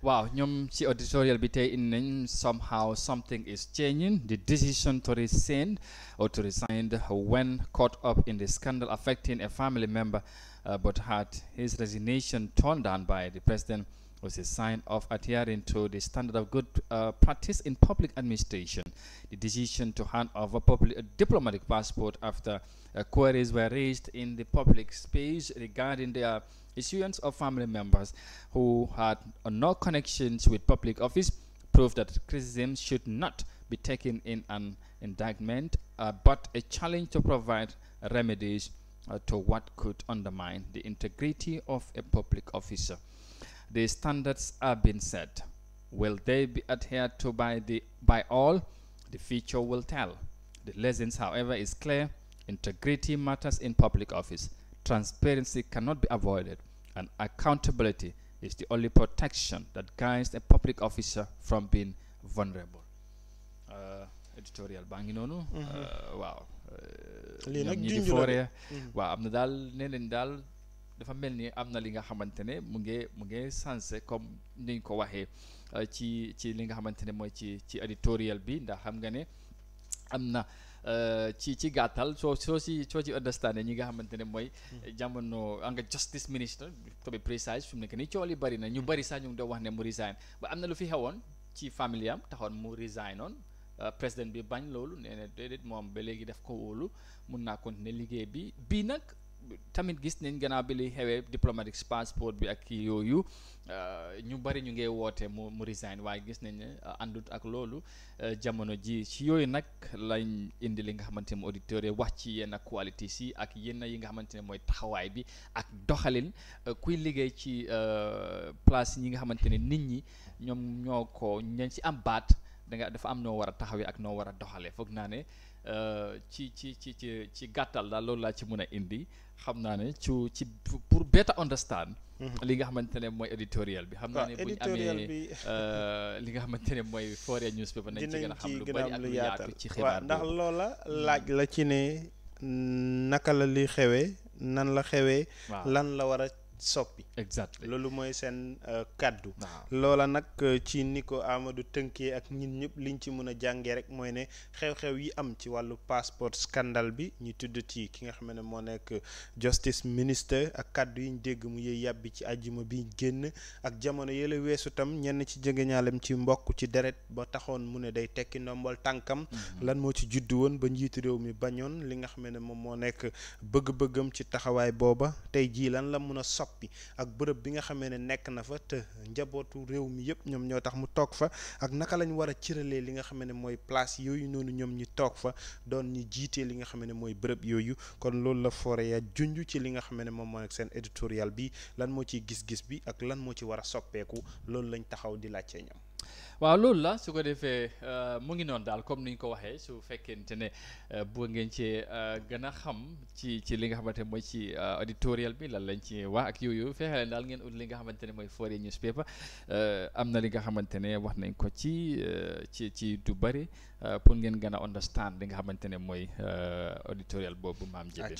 Wow, ñoom ci auditorial bi in somehow something is changing the decision to resign, or to resign when caught up in the scandal affecting a family member uh, but had his resignation torn down by the president was a sign of adhering to the standard of good uh, practice in public administration. The decision to hand over a uh, diplomatic passport after uh, queries were raised in the public space regarding the uh, issuance of family members who had uh, no connections with public office proved that criticism should not be taken in an indictment uh, but a challenge to provide remedies to what could undermine the integrity of a public officer the standards have been set. Will they be adhered to by, the, by all? The future will tell. The lessons, however, is clear. Integrity matters in public office. Transparency cannot be avoided, and accountability is the only protection that guides a public officer from being vulnerable. Uh, editorial bangi ngi noonu. waaw. lii nag junj la mm-hmm. waaw am dafa mel ni am na li nga xamante ne mu ngi mu ngi sensé comme ni niñ ko waxee euh, ci ci li nga xamante ne mooy ci ci éditorial bi ndax xam nga ne am na euh, ci ci gàttal soo soo si soo si ñi nga xamante ne mooy hmm. jamono anga justice minister to be precise fi mu nekk nii cool yi bari na ñu bari sax ñu ngi wax ne mu am na lu fi xewoon ci famille am taxoon mu resign oon euh, président bi bañ loolu nee na déedéet moom ba léegi def ko wóolu mun naa continuer liggéey bi bii nag tamit gis nañ gannaaw bi li xewee diplomatic passport bi ak kii yooyu euh, ñu bari ñu ngee woote mu mu resign waaye gis nañ ne euh, àndut ak loolu euh, jamono ji ci yooyu nag lañ indi li nga xamante ne auditeurs yi wax ci yenn qualité si ak yenn yi nga xamante ne mooy taxawaay bi ak doxalin kuy liggéey ci place ñi nga xamante ne nit ñi ñoom ñoo ko ñañ ci am baat da nga dafa am noo war a taxawee ak noo war a doxalee foog naa ne euh, ci ci ci ci ci gàttal daal loolu laa ci mën a indi xam naa ne ci ci pour better understand. Mm-hmm. li nga xamante ne mooy éditorial bi. xam naa ne bu amee euh, li nga xamante ne mooy Foroyaa newspaper nañ ci gën a xam lu bari ak lu yaatu ci xibaar ndax loola mm-hmm. laaj la ci ne naka la li xewee nan la xewee. lan la war a. soppi. exactement loolu mooy seen euh, kàddu. loola nag euh, ci niko amadu Amadou tënkee ak ñun ñëpp liñ ci mën a jàngee rek mooy ne xew-xew yi am ci wàllu passeport scandale bi ñu tudd ci ki nga xam ne moo nekk justice minister ak kàddu yi ñu dégg mu yëy yàbbi ci àjjuma bi génn ak jamono yële weesu tam ñenn ci jegeñaalem ci mbokk ci deret ba taxoon mu ne day tekki ndombal tànkam. Mm-hmm. lan moo ci juddu woon ba njiitu réew mi bañoon li nga xam ne moom moo nekk bëgg-bëggam ci taxawaay booba soppi ak bërëb bi nga xamee ne nekk na fa te njabootu réew mi yëpp ñoom ñoo tax mu toog fa ak naka lañ war a cëralee li nga xam ne mooy place yooyu noonu ñoom ñu toog fa doon ñi jiitee li nga xam ne mooy bërëb yooyu kon loolu la Foroyaa junj ci li nga xam ne moom moo nekk seen éditorial bi lan moo ciy gis-gis bi ak lan moo ci war a soppeeku loolu lañ taxaw di laajte ñoom waaw loolu la su ko defee uh, mu ngi noonu daal comme ni ñu ko waxee su fekkente ne uh, bu ngeen kan ci uh, gën a xam ci ci li nga xamante ne mooy ci auditorial bi lan lañ ci wax ak yooyu fexe leen daal ngeen ut newspaper am na li nga xamante ne wax nañ ko ci ci ci du bëri pour understand li nga xamante ne mooy auditorial boobu maam jébe